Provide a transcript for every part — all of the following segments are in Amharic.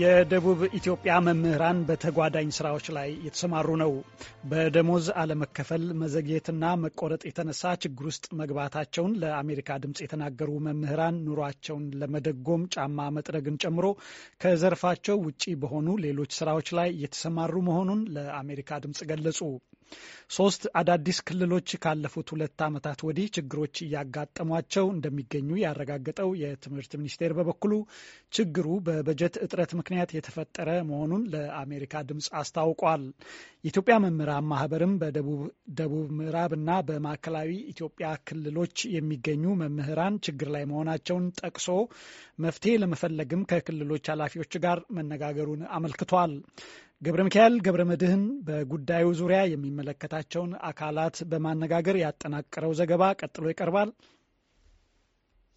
የደቡብ ኢትዮጵያ መምህራን በተጓዳኝ ስራዎች ላይ የተሰማሩ ነው። በደሞዝ አለመከፈል መዘግየትና መቆረጥ የተነሳ ችግር ውስጥ መግባታቸውን ለአሜሪካ ድምፅ የተናገሩ መምህራን ኑሯቸውን ለመደጎም ጫማ መጥረግን ጨምሮ ከዘርፋቸው ውጪ በሆኑ ሌሎች ስራዎች ላይ የተሰማሩ መሆኑን ለአሜሪካ ድምፅ ገለጹ። ሶስት አዳዲስ ክልሎች ካለፉት ሁለት ዓመታት ወዲህ ችግሮች እያጋጠሟቸው እንደሚገኙ ያረጋገጠው የትምህርት ሚኒስቴር በበኩሉ ችግሩ በበጀት እጥረት ምክንያት የተፈጠረ መሆኑን ለአሜሪካ ድምፅ አስታውቋል። የኢትዮጵያ መምህራን ማህበርም በደቡብ ምዕራብ እና በማዕከላዊ ኢትዮጵያ ክልሎች የሚገኙ መምህራን ችግር ላይ መሆናቸውን ጠቅሶ መፍትሄ ለመፈለግም ከክልሎች ኃላፊዎች ጋር መነጋገሩን አመልክቷል። ገብረ ሚካኤል ገብረ መድህን በጉዳዩ ዙሪያ የሚመለከታቸውን አካላት በማነጋገር ያጠናቀረው ዘገባ ቀጥሎ ይቀርባል።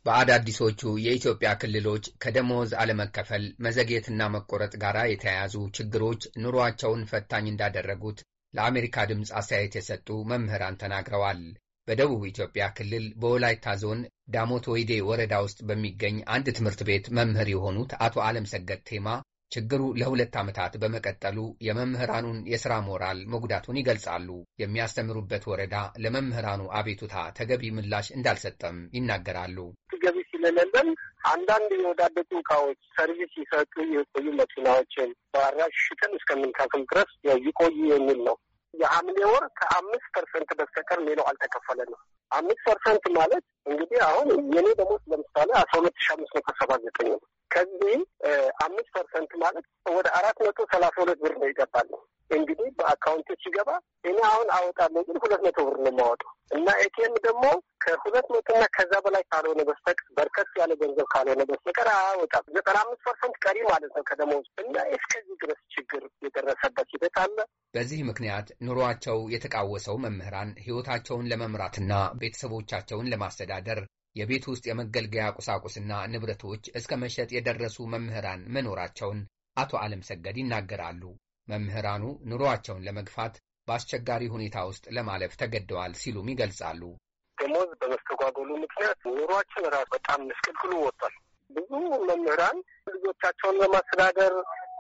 በአዳዲሶቹ የኢትዮጵያ ክልሎች ከደሞዝ አለመከፈል መዘግየትና መቆረጥ ጋር የተያያዙ ችግሮች ኑሯቸውን ፈታኝ እንዳደረጉት ለአሜሪካ ድምፅ አስተያየት የሰጡ መምህራን ተናግረዋል። በደቡብ ኢትዮጵያ ክልል በወላይታ ዞን ዳሞት ወይዴ ወረዳ ውስጥ በሚገኝ አንድ ትምህርት ቤት መምህር የሆኑት አቶ አለም ሰገድ ቴማ ችግሩ ለሁለት ዓመታት በመቀጠሉ የመምህራኑን የሥራ ሞራል መጉዳቱን ይገልጻሉ። የሚያስተምሩበት ወረዳ ለመምህራኑ አቤቱታ ተገቢ ምላሽ እንዳልሰጠም ይናገራሉ። ገቢ ስለሌለን አንዳንድ የወዳደቁ እቃዎች ሰርቪስ ይሰጡ የቆዩ መኪናዎችን በአራሽ ሽጠን እስከምንካፍል ድረስ ይቆዩ የሚል ነው። የሐምሌ ወር ከአምስት ፐርሰንት በስተቀር ሌላው አልተከፈለ ነው። አምስት ፐርሰንት ማለት እንግዲህ አሁን የኔ ደሞዝ ለምሳሌ አስራ ሁለት ሺ አምስት መቶ ሰባ ዘጠኝ ነው ከዚህ አምስት ፐርሰንት ማለት ወደ አራት መቶ ሰላሳ ሁለት ብር ነው ይገባል። እንግዲህ በአካውንቶች ሲገባ እኔ አሁን አወጣለሁ ግን ሁለት መቶ ብር ነው የማወጣው እና ኤቲኤም ደግሞ ከሁለት መቶና ከዛ በላይ ካልሆነ በስተቀር በርከት ያለ ገንዘብ ካልሆነ በስተቀር አያወጣም። ዘጠና አምስት ፐርሰንት ቀሪ ማለት ነው ከደሞዝ እና እስከዚህ ድረስ ችግር የደረሰበት ሂደት አለ። በዚህ ምክንያት ኑሯቸው የተቃወሰው መምህራን ሕይወታቸውን ለመምራትና ቤተሰቦቻቸውን ለማስተዳደር የቤት ውስጥ የመገልገያ ቁሳቁስና ንብረቶች እስከ መሸጥ የደረሱ መምህራን መኖራቸውን አቶ ዓለም ሰገድ ይናገራሉ። መምህራኑ ኑሮአቸውን ለመግፋት በአስቸጋሪ ሁኔታ ውስጥ ለማለፍ ተገደዋል ሲሉም ይገልጻሉ። ደሞዝ በመስተጓጎሉ ምክንያት ኑሯችን ራሱ በጣም ምስቅልቅሉ ወጥቷል። ብዙ መምህራን ልጆቻቸውን ለማስተዳደር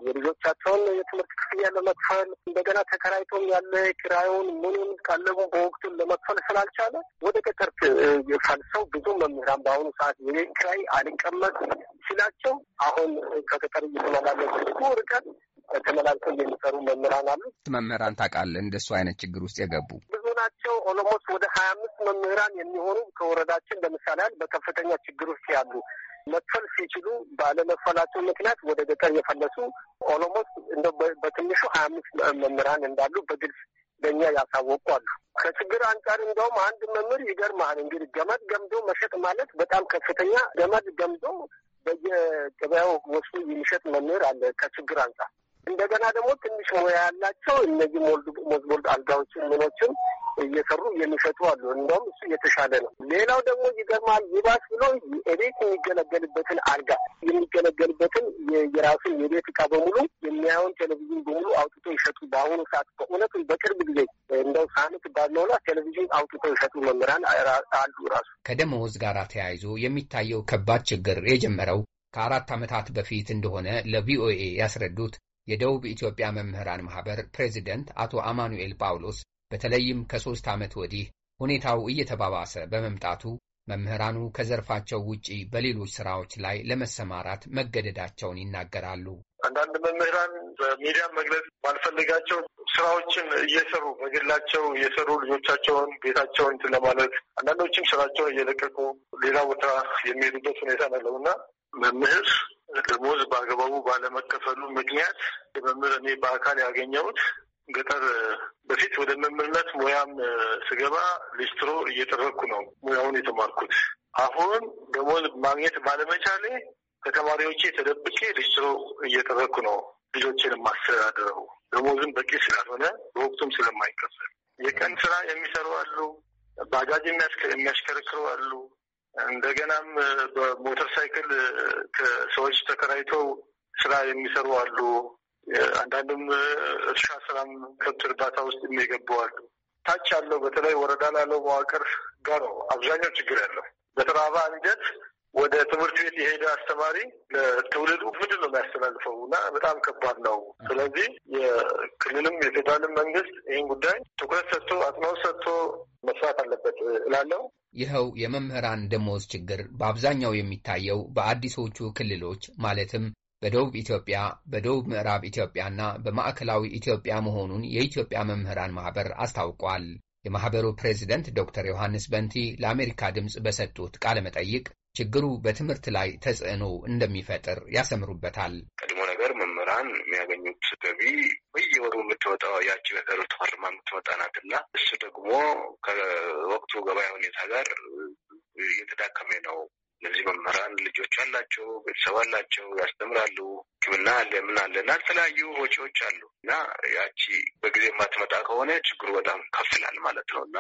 የልጆቻቸውን የትምህርት ክፍያ ለመክፈል እንደገና ተከራይቶም ያለ ኪራዩን ምኑን ቀለቡ በወቅቱ ለመክፈል ስላልቻለ ወደ ገጠር ፈልሰው ብዙ መምህራን በአሁኑ ሰዓት የቤት ኪራይ አልቀመጥ ሲላቸው አሁን ከገጠር እየተመላለሱ ብዙ ርቀት ተመላልሰው የሚሰሩ መምህራን አሉ። መምህራን ታውቃለህ፣ እንደሱ አይነት ችግር ውስጥ የገቡ ብዙ ናቸው። ኦሎሞስ ወደ ሀያ አምስት መምህራን የሚሆኑ ከወረዳችን ለምሳሌ ያህል በከፍተኛ ችግር ውስጥ ያሉ መክፈል ሲችሉ ባለመክፈላቸው ምክንያት ወደ ገጠር የፈለሱ ኦሎሞስ እንደ በትንሹ ሀያ አምስት መምህራን እንዳሉ በግልጽ ለእኛ ያሳወቁ አሉ። ከችግር አንጻር እንደውም አንድ መምህር ይገርማል እንግዲህ ገመድ ገምዶ መሸጥ ማለት በጣም ከፍተኛ ገመድ ገምዶ በየገበያው ወስዶ የሚሸጥ መምህር አለ። ከችግር አንጻር እንደገና ደግሞ ትንሽ ሙያ ያላቸው እነዚህ ሞልድ ሞዝቦልድ አልጋዎችን ምኖችን እየሰሩ የሚሸጡ አሉ። እንደውም እሱ እየተሻለ ነው። ሌላው ደግሞ ይገርማል። ይባስ ብሎ ቤት የሚገለገልበትን አልጋ የሚገለገልበትን የራሱን የቤት እቃ በሙሉ የሚያየውን ቴሌቪዥን በሙሉ አውጥቶ ይሸጡ። በአሁኑ ሰዓት በእውነቱ በቅርብ ጊዜ እንደው ሳምንት ባልሆነ ቴሌቪዥን አውጥቶ ይሸጡ መምህራን አሉ። ራሱ ከደመወዝ ጋር ተያይዞ የሚታየው ከባድ ችግር የጀመረው ከአራት ዓመታት በፊት እንደሆነ ለቪኦኤ ያስረዱት የደቡብ ኢትዮጵያ መምህራን ማኅበር ፕሬዚደንት አቶ አማኑኤል ጳውሎስ በተለይም ከሦስት ዓመት ወዲህ ሁኔታው እየተባባሰ በመምጣቱ መምህራኑ ከዘርፋቸው ውጪ በሌሎች ስራዎች ላይ ለመሰማራት መገደዳቸውን ይናገራሉ። አንዳንድ መምህራን በሚዲያ መግለጽ ባልፈልጋቸው ስራዎችን እየሰሩ በግላቸው እየሰሩ ልጆቻቸውን ቤታቸውን እንትን ለማለት አንዳንዶችም ስራቸውን እየለቀቁ ሌላ ቦታ የሚሄዱበት ሁኔታ ነው እና መምህር ባለመከፈሉ ምክንያት የመምህር እኔ በአካል ያገኘሁት ገጠር በፊት ወደ መምህርነት ሙያም ስገባ ሊስትሮ እየጠረኩ ነው ሙያውን የተማርኩት። አሁን ደሞዝ ማግኘት ባለመቻሌ ከተማሪዎቼ ተደብቄ ሊስትሮ እየጠረኩ ነው ልጆችን የማስተዳድረው። ደሞዝም በቂ ስላልሆነ በወቅቱም ስለማይከፈል የቀን ስራ የሚሰሩ አሉ፣ ባጃጅ የሚያሽከረክሩ አሉ። እንደገናም በሞተር ሳይክል ከሰዎች ተከራይተው ስራ የሚሰሩ አሉ። አንዳንድም እርሻ ስራም ከብት እርባታ ውስጥ የሚገቡ አሉ። ታች ያለው በተለይ ወረዳ ላለው መዋቅር ጋር ነው አብዛኛው ችግር ያለው። በተራባ አንጀት ወደ ትምህርት ቤት የሄደ አስተማሪ ለትውልዱ ምንድን ነው የሚያስተላልፈው? እና በጣም ከባድ ነው። ስለዚህ የክልልም የፌዴራልም መንግስት ይህን ጉዳይ ትኩረት ሰጥቶ አጽንኦት ሰጥቶ መስራት አለበት እላለሁ። ይኸው የመምህራን ደሞዝ ችግር በአብዛኛው የሚታየው በአዲሶቹ ክልሎች ማለትም በደቡብ ኢትዮጵያ፣ በደቡብ ምዕራብ ኢትዮጵያና በማዕከላዊ ኢትዮጵያ መሆኑን የኢትዮጵያ መምህራን ማኅበር አስታውቋል። የማኅበሩ ፕሬዚደንት ዶክተር ዮሐንስ በንቲ ለአሜሪካ ድምፅ በሰጡት ቃለ መጠይቅ ችግሩ በትምህርት ላይ ተጽዕኖ እንደሚፈጥር ያሰምሩበታል። ቀድሞ ነገር መምህራን የሚያገኙት ገቢ በየወሩ የምትወጣው ያቺ በቀሩት ተፈርማ የምትወጣ ናትና እሱ ደግሞ ከወቅቱ ገበያ ሁኔታ ጋር እየተዳከመ ነው እነዚህ መምህራን ልጆች አላቸው፣ ቤተሰብ አላቸው፣ ያስተምራሉ። ሕክምና አለ ምን አለ እና የተለያዩ ወጪዎች አሉ እና ያቺ በጊዜ የማትመጣ ከሆነ ችግሩ በጣም ከፍላል ማለት ነው እና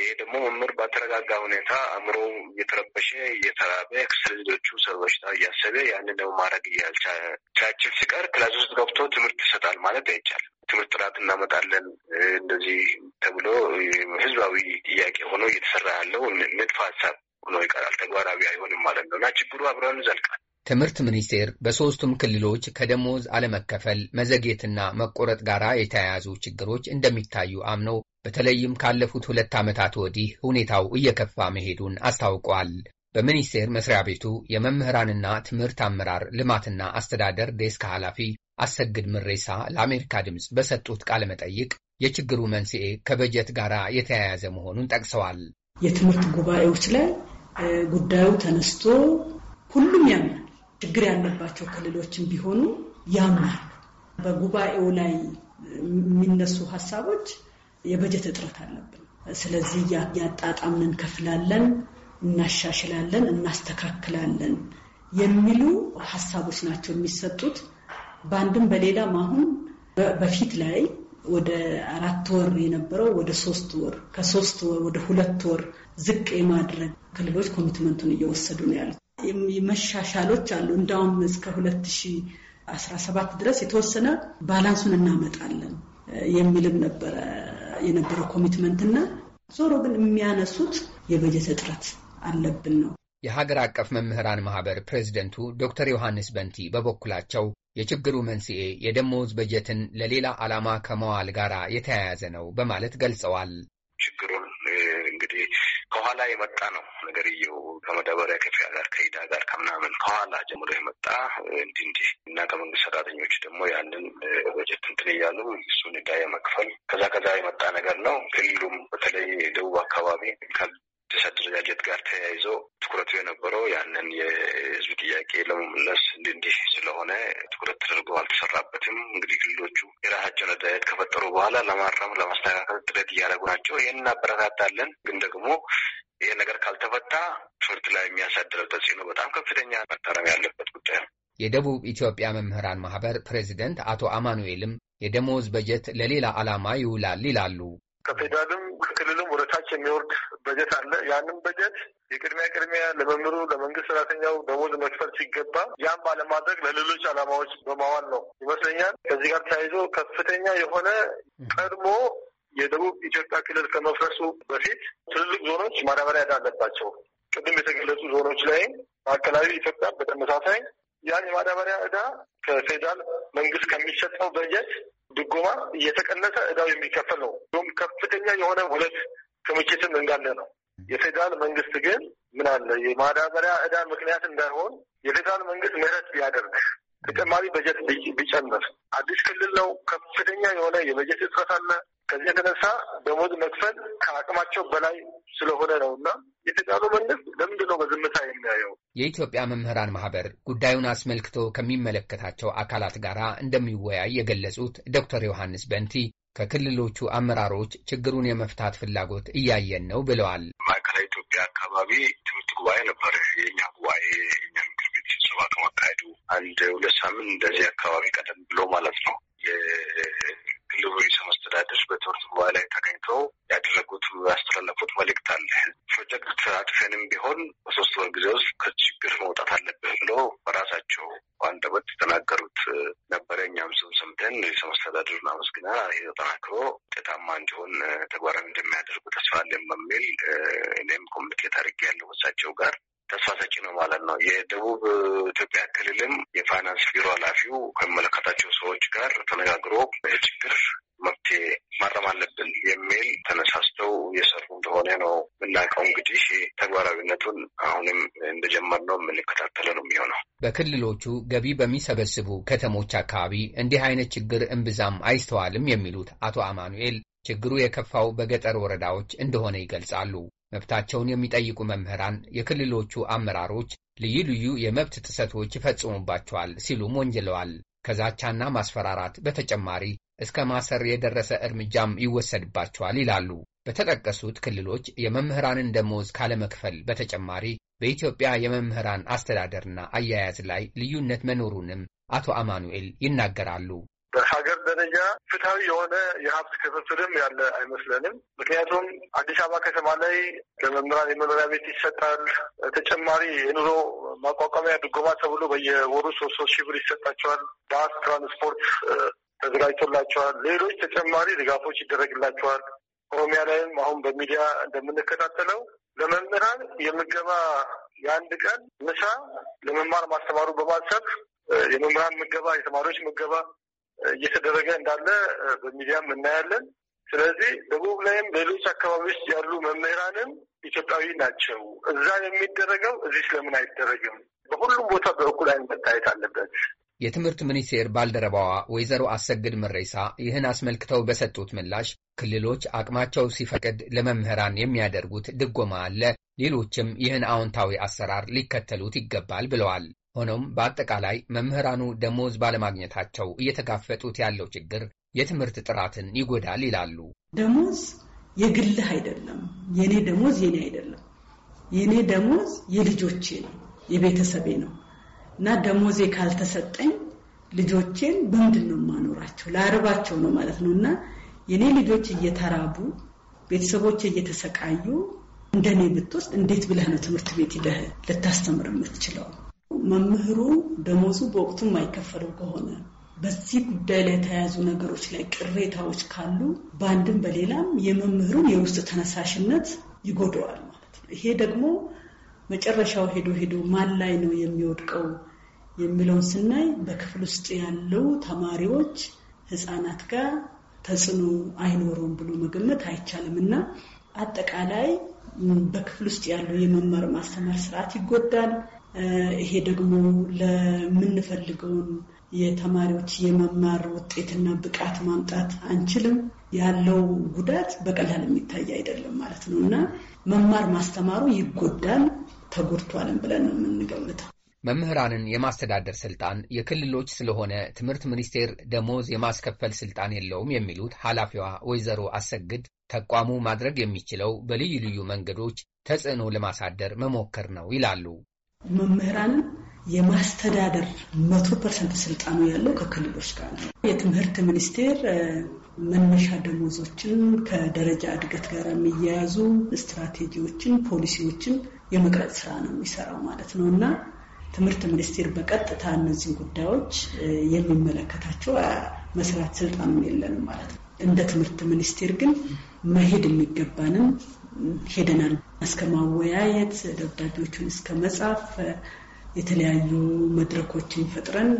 ይሄ ደግሞ መምህር ባተረጋጋ ሁኔታ አእምሮ እየተረበሸ እየተራበ ስለ ልጆቹ ሰበሽታ እያሰበ ያንን ደግሞ ማድረግ እያልቻችል ሲቀር ክላስ ውስጥ ገብቶ ትምህርት ይሰጣል ማለት አይቻልም። ትምህርት ጥራት እናመጣለን እንደዚህ ተብሎ ህዝባዊ ጥያቄ ሆኖ እየተሰራ ያለው ንድፈ ሀሳብ ሆኖ ይቀራል፣ ተግባራዊ አይሆንም ማለት ነው እና ችግሩ አብረን ዘልቃል። ትምህርት ሚኒስቴር በሦስቱም ክልሎች ከደሞዝ አለመከፈል መዘግየትና መቆረጥ ጋር የተያያዙ ችግሮች እንደሚታዩ አምኖ በተለይም ካለፉት ሁለት ዓመታት ወዲህ ሁኔታው እየከፋ መሄዱን አስታውቋል። በሚኒስቴር መስሪያ ቤቱ የመምህራንና ትምህርት አመራር ልማትና አስተዳደር ዴስክ ኃላፊ አሰግድ ምሬሳ ለአሜሪካ ድምፅ በሰጡት ቃለ መጠይቅ የችግሩ መንስኤ ከበጀት ጋር የተያያዘ መሆኑን ጠቅሰዋል። የትምህርት ጉባኤዎች ላይ ጉዳዩ ተነስቶ ሁሉም ያምናል። ችግር ያለባቸው ክልሎችም ቢሆኑ ያምናሉ። በጉባኤው ላይ የሚነሱ ሀሳቦች የበጀት እጥረት አለብን፣ ስለዚህ ያጣጣምን እንከፍላለን፣ እናሻሽላለን፣ እናስተካክላለን የሚሉ ሀሳቦች ናቸው የሚሰጡት። በአንድም በሌላም አሁን በፊት ላይ ወደ አራት ወር የነበረው ወደ ሶስት ወር ከሶስት ወር ወደ ሁለት ወር ዝቅ የማድረግ ክልሎች ኮሚትመንቱን እየወሰዱ ነው ያሉት። መሻሻሎች አሉ። እንዳውም እስከ ሁለት አስራ ሰባት ድረስ የተወሰነ ባላንሱን እናመጣለን የሚልም ነበረ የነበረው ኮሚትመንት እና ዞሮ ግን የሚያነሱት የበጀት እጥረት አለብን ነው። የሀገር አቀፍ መምህራን ማህበር ፕሬዚደንቱ ዶክተር ዮሐንስ በንቲ በበኩላቸው የችግሩ መንስኤ የደሞዝ በጀትን ለሌላ ዓላማ ከመዋል ጋር የተያያዘ ነው በማለት ገልጸዋል። ችግሩን እንግዲህ ከኋላ የመጣ ነው ነገርየው ከመዳበሪያ ክፍያ ጋር ከሂዳ ጋር ከምናምን ከኋላ ጀምሮ የመጣ እንዲህ እንዲህ እና ከመንግስት ሰራተኞች ደግሞ ያንን በጀት እንትን እያሉ እሱን ዕዳ የመክፈል ከዛ ከዛ የመጣ ነገር ነው። ክልሉም በተለይ የደቡብ አካባቢ አዲስ አደረጃጀት ጋር ተያይዞ ትኩረቱ የነበረው ያንን የህዝብ ጥያቄ ለመመለስ እንዲህ ስለሆነ ትኩረት ተደርጎ አልተሰራበትም። እንግዲህ ክልሎቹ የራሳቸውን አደረጃጀት ከፈጠሩ በኋላ ለማረም ለማስተካከል ጥረት እያደረጉ ናቸው። ይህን እናበረታታለን። ግን ደግሞ ይህ ነገር ካልተፈታ ትምህርት ላይ የሚያሳድረው ተጽዕኖ በጣም ከፍተኛ መታረም ያለበት ጉዳይ ነው። የደቡብ ኢትዮጵያ መምህራን ማህበር ፕሬዚደንት አቶ አማኑኤልም የደሞዝ በጀት ለሌላ ዓላማ ይውላል ይላሉ። ከፌዴራልም ከክልልም ወደ ታች የሚወርድ በጀት አለ። ያንም በጀት የቅድሚያ ቅድሚያ ለመምህሩ ለመንግስት ሰራተኛው ደሞዝ መክፈል ሲገባ ያም ባለማድረግ ለሌሎች ዓላማዎች በማዋል ነው ይመስለኛል። ከዚህ ጋር ተያይዞ ከፍተኛ የሆነ ቀድሞ የደቡብ ኢትዮጵያ ክልል ከመፍረሱ በፊት ትልልቅ ዞኖች ማዳበሪያ ዕዳ አለባቸው። ቅድም የተገለጹ ዞኖች ላይ ማዕከላዊ ኢትዮጵያ በተመሳሳይ ያን የማዳበሪያ እዳ ከፌዴራል መንግስት ከሚሰጠው በጀት ድጎማ እየተቀነሰ እዳው የሚከፈል ነው። እንዲሁም ከፍተኛ የሆነ ሁለት ክምችትም እንዳለ ነው። የፌዴራል መንግስት ግን ምን አለ የማዳበሪያ እዳ ምክንያት እንዳይሆን የፌዴራል መንግስት ምህረት ቢያደርግ ተጨማሪ በጀት ቢጨምር፣ አዲስ ክልል ነው። ከፍተኛ የሆነ የበጀት እጥረት አለ። ከዚህ የተነሳ ደሞዝ መክፈል ከአቅማቸው በላይ ስለሆነ ነው እና የተጫኑ መንግስት ለምንድን ነው በዝምታ የሚያየው? የኢትዮጵያ መምህራን ማህበር ጉዳዩን አስመልክቶ ከሚመለከታቸው አካላት ጋር እንደሚወያይ የገለጹት ዶክተር ዮሐንስ በንቲ ከክልሎቹ አመራሮች ችግሩን የመፍታት ፍላጎት እያየን ነው ብለዋል። ማዕከላዊ ኢትዮጵያ አካባቢ ትምህርት ጉባኤ ነበር። የኛ ጉባኤ የኛ ምክር ቤት ስብሰባ ከማካሄዱ አንድ ሁለት ሳምንት እንደዚህ አካባቢ ቀደም ብሎ ማለት ነው የክልሉ ወር ጉባኤ ላይ ተገኝቶ ያደረጉት ያስተላለፉት መልእክት አለ። ፕሮጀክት አጥፌንም ቢሆን በሶስት ወር ጊዜ ውስጥ ከችግር መውጣት አለብህ ብሎ በራሳቸው አንደበት የተናገሩት ነበረ። እኛም ስም ሰምተን መስተዳድሩን አመስግና ይህ ተጠናክሮ ውጤታማ እንዲሆን ተግባራዊ እንደሚያደርጉ ተስፋ አለን በሚል እኔም ኮሚኒኬት አድርጌ ያለው እሳቸው ጋር ተስፋ ሰጪ ነው ማለት ነው። የደቡብ ኢትዮጵያ ክልልም የፋይናንስ ቢሮ ኃላፊው ከሚመለከታቸው ሰዎች ጋር ተነጋግሮ ችግር የጀመርነው የምንከታተለ ነው የሚሆነው። በክልሎቹ ገቢ በሚሰበስቡ ከተሞች አካባቢ እንዲህ አይነት ችግር እምብዛም አይስተዋልም የሚሉት አቶ አማኑኤል ችግሩ የከፋው በገጠር ወረዳዎች እንደሆነ ይገልጻሉ። መብታቸውን የሚጠይቁ መምህራን የክልሎቹ አመራሮች ልዩ ልዩ የመብት ጥሰቶች ይፈጽሙባቸዋል ሲሉም ወንጅለዋል። ከዛቻና ማስፈራራት በተጨማሪ እስከ ማሰር የደረሰ እርምጃም ይወሰድባቸዋል ይላሉ። በተጠቀሱት ክልሎች የመምህራንን ደሞዝ ካለመክፈል በተጨማሪ በኢትዮጵያ የመምህራን አስተዳደርና አያያዝ ላይ ልዩነት መኖሩንም አቶ አማኑኤል ይናገራሉ። በሀገር ደረጃ ፍትሐዊ የሆነ የሀብት ክፍፍልም ያለ አይመስለንም። ምክንያቱም አዲስ አበባ ከተማ ላይ ለመምህራን የመኖሪያ ቤት ይሰጣል። ተጨማሪ የኑሮ ማቋቋሚያ ድጎማ ተብሎ በየወሩ ሶስት ሶስት ሺህ ብር ይሰጣቸዋል። ባስ፣ ትራንስፖርት ተዘጋጅቶላቸዋል። ሌሎች ተጨማሪ ድጋፎች ይደረግላቸዋል። ኦሮሚያ ላይም አሁን በሚዲያ እንደምንከታተለው ለመምህራን የምገባ የአንድ ቀን ምሳ ለመማር ማስተማሩ በማሰብ የመምህራን ምገባ፣ የተማሪዎች ምገባ እየተደረገ እንዳለ በሚዲያም እናያለን። ስለዚህ ደቡብ ላይም ሌሎች አካባቢዎች ያሉ መምህራንም ኢትዮጵያዊ ናቸው። እዛ የሚደረገው እዚህ ስለምን አይደረግም? በሁሉም ቦታ በእኩል አይን መታየት አለበት። የትምህርት ሚኒስቴር ባልደረባዋ ወይዘሮ አሰግድ መሬሳ ይህን አስመልክተው በሰጡት ምላሽ ክልሎች አቅማቸው ሲፈቅድ ለመምህራን የሚያደርጉት ድጎማ አለ። ሌሎችም ይህን አዎንታዊ አሰራር ሊከተሉት ይገባል ብለዋል። ሆኖም በአጠቃላይ መምህራኑ ደሞዝ ባለማግኘታቸው እየተጋፈጡት ያለው ችግር የትምህርት ጥራትን ይጎዳል ይላሉ። ደሞዝ የግልህ አይደለም። የኔ ደሞዝ የኔ አይደለም። የኔ ደሞዝ የልጆቼ ነው፣ የቤተሰቤ ነው እና ደሞዜ ካልተሰጠኝ ልጆቼን በምንድን ነው የማኖራቸው? ላርባቸው ነው ማለት ነው እና የኔ ልጆች እየተራቡ ቤተሰቦች እየተሰቃዩ እንደኔ ብትወስድ እንዴት ብለህ ነው ትምህርት ቤት ሂደህ ልታስተምር የምትችለው? መምህሩ ደሞዙ በወቅቱ የማይከፈለው ከሆነ በዚህ ጉዳይ ላይ የተያያዙ ነገሮች ላይ ቅሬታዎች ካሉ በአንድም በሌላም የመምህሩን የውስጥ ተነሳሽነት ይጎደዋል ማለት ነው። ይሄ ደግሞ መጨረሻው ሄዶ ሄዶ ማን ላይ ነው የሚወድቀው የሚለውን ስናይ በክፍል ውስጥ ያለው ተማሪዎች ህፃናት ጋር ተጽዕኖ አይኖረውም ብሎ መገመት አይቻልም እና አጠቃላይ በክፍል ውስጥ ያለው የመማር ማስተማር ስርዓት ይጎዳል። ይሄ ደግሞ ለምንፈልገውን የተማሪዎች የመማር ውጤትና ብቃት ማምጣት አንችልም። ያለው ጉዳት በቀላል የሚታይ አይደለም ማለት ነው እና መማር ማስተማሩ ይጎዳል፣ ተጎድቷልም ብለን ነው የምንገምተው። መምህራንን የማስተዳደር ስልጣን የክልሎች ስለሆነ ትምህርት ሚኒስቴር ደሞዝ የማስከፈል ስልጣን የለውም የሚሉት ኃላፊዋ ወይዘሮ አሰግድ ተቋሙ ማድረግ የሚችለው በልዩ ልዩ መንገዶች ተጽዕኖ ለማሳደር መሞከር ነው ይላሉ። መምህራን የማስተዳደር መቶ ፐርሰንት ስልጣኑ ያለው ከክልሎች ጋር ነው። የትምህርት ሚኒስቴር መነሻ ደሞዞችን ከደረጃ እድገት ጋር የሚያያዙ ስትራቴጂዎችን፣ ፖሊሲዎችን የመቅረጽ ስራ ነው የሚሰራው ማለት ነው እና ትምህርት ሚኒስቴር በቀጥታ እነዚህን ጉዳዮች የሚመለከታቸው መስራት ስልጣኑን የለንም ማለት ነው። እንደ ትምህርት ሚኒስቴር ግን መሄድ የሚገባንም ሄደናል። እስከ ማወያየት፣ ደብዳቤዎቹን እስከ መጻፍ የተለያዩ መድረኮችን ፈጥረን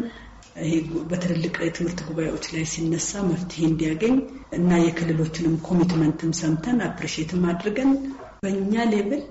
በትልልቅ የትምህርት ጉባኤዎች ላይ ሲነሳ መፍትሄ እንዲያገኝ እና የክልሎችንም ኮሚትመንትም ሰምተን አፕሪሽትም አድርገን በእኛ ሌብል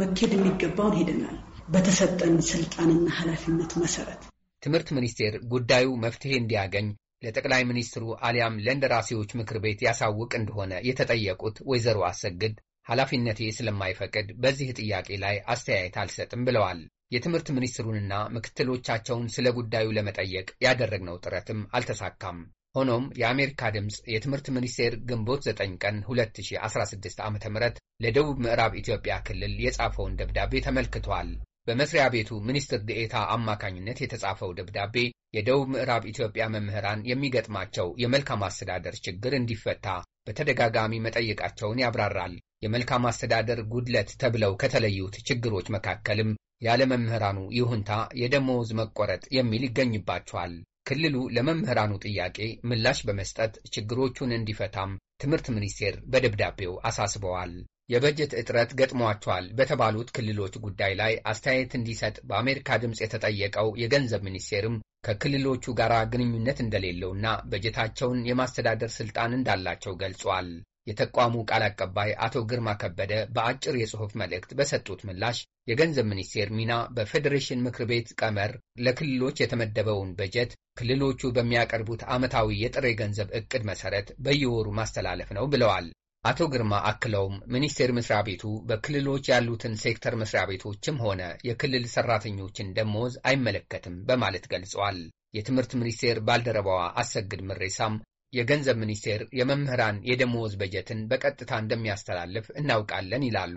መኬድ የሚገባውን ሄደናል። በተሰጠን ስልጣንና ኃላፊነት መሰረት ትምህርት ሚኒስቴር ጉዳዩ መፍትሄ እንዲያገኝ ለጠቅላይ ሚኒስትሩ አሊያም ለእንደራሴዎች ምክር ቤት ያሳውቅ እንደሆነ የተጠየቁት ወይዘሮ አሰግድ ኃላፊነቴ ስለማይፈቅድ በዚህ ጥያቄ ላይ አስተያየት አልሰጥም ብለዋል። የትምህርት ሚኒስትሩንና ምክትሎቻቸውን ስለ ጉዳዩ ለመጠየቅ ያደረግነው ጥረትም አልተሳካም። ሆኖም የአሜሪካ ድምፅ የትምህርት ሚኒስቴር ግንቦት 9 ቀን 2016 ዓ ም ለደቡብ ምዕራብ ኢትዮጵያ ክልል የጻፈውን ደብዳቤ ተመልክቷል። በመስሪያ ቤቱ ሚኒስትር ዴኤታ አማካኝነት የተጻፈው ደብዳቤ የደቡብ ምዕራብ ኢትዮጵያ መምህራን የሚገጥማቸው የመልካም አስተዳደር ችግር እንዲፈታ በተደጋጋሚ መጠየቃቸውን ያብራራል። የመልካም አስተዳደር ጉድለት ተብለው ከተለዩት ችግሮች መካከልም ያለመምህራኑ ይሁንታ የደሞዝ መቆረጥ የሚል ይገኝባቸዋል። ክልሉ ለመምህራኑ ጥያቄ ምላሽ በመስጠት ችግሮቹን እንዲፈታም ትምህርት ሚኒስቴር በደብዳቤው አሳስበዋል። የበጀት እጥረት ገጥሟቸዋል በተባሉት ክልሎች ጉዳይ ላይ አስተያየት እንዲሰጥ በአሜሪካ ድምፅ የተጠየቀው የገንዘብ ሚኒስቴርም ከክልሎቹ ጋር ግንኙነት እንደሌለውና በጀታቸውን የማስተዳደር ስልጣን እንዳላቸው ገልጿል። የተቋሙ ቃል አቀባይ አቶ ግርማ ከበደ በአጭር የጽሑፍ መልእክት በሰጡት ምላሽ የገንዘብ ሚኒስቴር ሚና በፌዴሬሽን ምክር ቤት ቀመር ለክልሎች የተመደበውን በጀት ክልሎቹ በሚያቀርቡት ዓመታዊ የጥሬ ገንዘብ ዕቅድ መሠረት በየወሩ ማስተላለፍ ነው ብለዋል። አቶ ግርማ አክለውም ሚኒስቴር መስሪያ ቤቱ በክልሎች ያሉትን ሴክተር መስሪያ ቤቶችም ሆነ የክልል ሰራተኞችን ደሞዝ አይመለከትም በማለት ገልጸዋል። የትምህርት ሚኒስቴር ባልደረባዋ አሰግድ ምሬሳም የገንዘብ ሚኒስቴር የመምህራን የደሞዝ በጀትን በቀጥታ እንደሚያስተላልፍ እናውቃለን ይላሉ።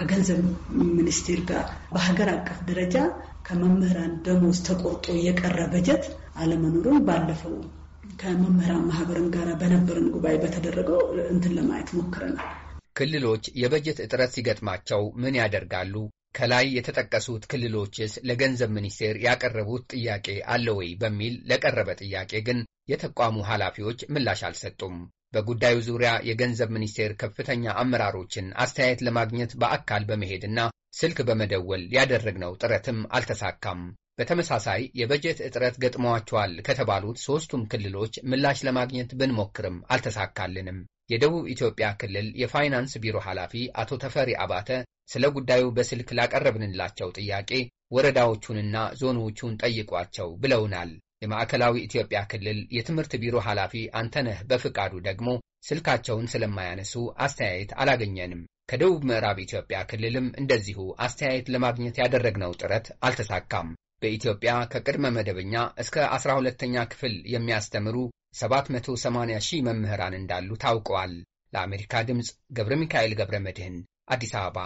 ከገንዘብ ሚኒስቴር ጋር በሀገር አቀፍ ደረጃ ከመምህራን ደሞዝ ተቆርጦ የቀረ በጀት አለመኖሩን ባለፈው ከመምህራን ማህበርም ጋር በነበረን ጉባኤ በተደረገው እንትን ለማየት ሞክረናል። ክልሎች የበጀት እጥረት ሲገጥማቸው ምን ያደርጋሉ? ከላይ የተጠቀሱት ክልሎችስ ለገንዘብ ሚኒስቴር ያቀረቡት ጥያቄ አለ ወይ በሚል ለቀረበ ጥያቄ ግን የተቋሙ ኃላፊዎች ምላሽ አልሰጡም። በጉዳዩ ዙሪያ የገንዘብ ሚኒስቴር ከፍተኛ አመራሮችን አስተያየት ለማግኘት በአካል በመሄድና ስልክ በመደወል ያደረግነው ጥረትም አልተሳካም። በተመሳሳይ የበጀት እጥረት ገጥመዋቸዋል ከተባሉት ሦስቱም ክልሎች ምላሽ ለማግኘት ብንሞክርም አልተሳካልንም። የደቡብ ኢትዮጵያ ክልል የፋይናንስ ቢሮ ኃላፊ አቶ ተፈሪ አባተ ስለ ጉዳዩ በስልክ ላቀረብንላቸው ጥያቄ ወረዳዎቹንና ዞኖቹን ጠይቋቸው ብለውናል። የማዕከላዊ ኢትዮጵያ ክልል የትምህርት ቢሮ ኃላፊ አንተነህ በፍቃዱ ደግሞ ስልካቸውን ስለማያነሱ አስተያየት አላገኘንም። ከደቡብ ምዕራብ ኢትዮጵያ ክልልም እንደዚሁ አስተያየት ለማግኘት ያደረግነው ጥረት አልተሳካም። በኢትዮጵያ ከቅድመ መደበኛ እስከ 12ተኛ ክፍል የሚያስተምሩ 780 ሺህ መምህራን እንዳሉ ታውቀዋል። ለአሜሪካ ድምፅ ገብረ ሚካኤል ገብረ መድህን አዲስ አበባ